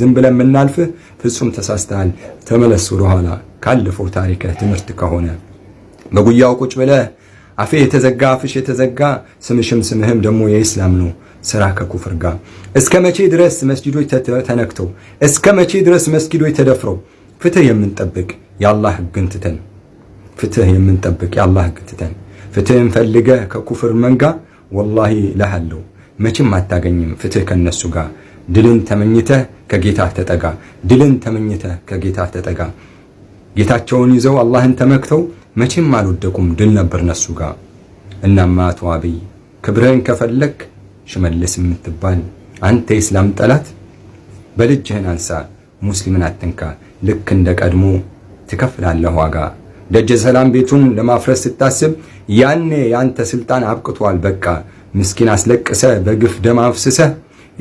ዝም ብለን የምናልፍህ ፍጹም ተሳስተሃል። ተመለስ ወደኋላ ካለፈው ታሪክህ ትምህርት ከሆነ በጉያው ቁጭ ብለህ አፌ የተዘጋ አፍሽ የተዘጋ ስምሽም ስምህም ደግሞ የኢስላም ነው። ስራ ከኩፍር ጋር እስከ መቼ ድረስ መስጊዶች ተነክተው፣ እስከ መቼ ድረስ መስጊዶች ተደፍረው ፍትህ የምንጠብቅ የአላህ ህግን ትተን ፍትህ የምንጠብቅ የአላህ ህግ ትተን ፍትህን ፈልገ ከኩፍር መንጋ ወላሂ እልሃለሁ መቼም አታገኝም ፍትህ ከነሱ ጋር ድልን ተመኝተህ ከጌታ ተጠጋ። ድልን ተመኝተህ ከጌታ ተጠጋ። ጌታቸውን ይዘው አላህን ተመክተው መቼም አልወደቁም። ድል ነበር ነሱ ጋር። እናማ አቶ አብይ ክብርህን ከፈለክ ሽመልስ የምትባል አንተ የእስላም ጠላት በልጅህን አንሳ፣ ሙስሊምን አትንካ። ልክ እንደ ቀድሞ ትከፍላለህ ዋጋ። ደጀ ሰላም ቤቱን ለማፍረስ ስታስብ ያኔ ያንተ ስልጣን አብቅቷል በቃ ምስኪን አስለቅሰ በግፍ ደም አፍስሰህ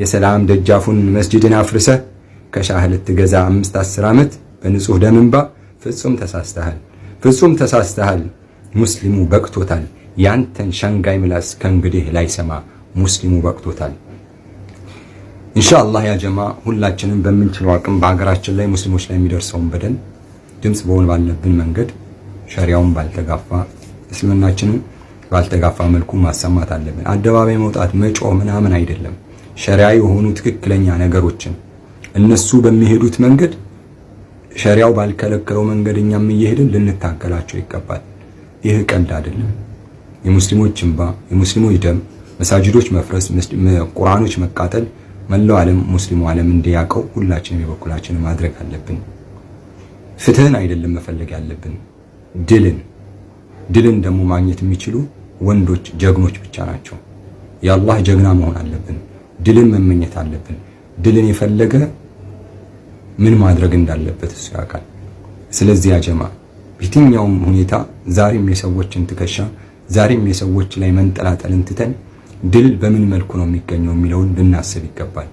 የሰላም ደጃፉን መስጅድን አፍርሰህ ከሻህ ልትገዛ አምስት አስር ዓመት በንጹህ ደምንባ ፍጹም ተሳስተሃል፣ ፍጹም ተሳስተሃል። ሙስሊሙ በቅቶታል። ያንተን ሸንጋይ ምላስ ከእንግዲህ ላይሰማ ሙስሊሙ በቅቶታል። ኢንሻአላህ ያ ጀማ ሁላችንም በምንችለው አቅም በሀገራችን ላይ ሙስሊሞች ላይ የሚደርሰውን በደል ድምፅ በሆን ባለብን መንገድ ሸሪያውን ባልተጋፋ እስልምናችንን ባልተጋፋ መልኩ ማሰማት አለብን። አደባባይ መውጣት መጮ ምናምን አይደለም። ሸሪያ የሆኑ ትክክለኛ ነገሮችን እነሱ በሚሄዱት መንገድ ሸሪያው ባልከለከለው መንገድ እኛም እየሄድን ልንታገላቸው ይገባል። ይህ ቀልድ አይደለም። የሙስሊሞች እንባ፣ የሙስሊሞች ደም፣ መሳጅዶች መፍረስ፣ ቁርአኖች መቃጠል መላው ዓለም ሙስሊሙ ዓለም እንዲያውቀው ሁላችንም የበኩላችንን ማድረግ አለብን። ፍትህን አይደለም መፈለግ ያለብን ድልን። ድልን ደግሞ ማግኘት የሚችሉ ወንዶች ጀግኖች ብቻ ናቸው። የአላህ ጀግና መሆን አለብን። ድልን መመኘት አለብን። ድልን የፈለገ ምን ማድረግ እንዳለበት እሱ ያውቃል። ስለዚህ ያጀማ በየትኛውም ሁኔታ ዛሬም የሰዎችን ትከሻ ዛሬም የሰዎች ላይ መንጠላጠልን ትተን ድል በምን መልኩ ነው የሚገኘው የሚለውን ልናስብ ይገባል።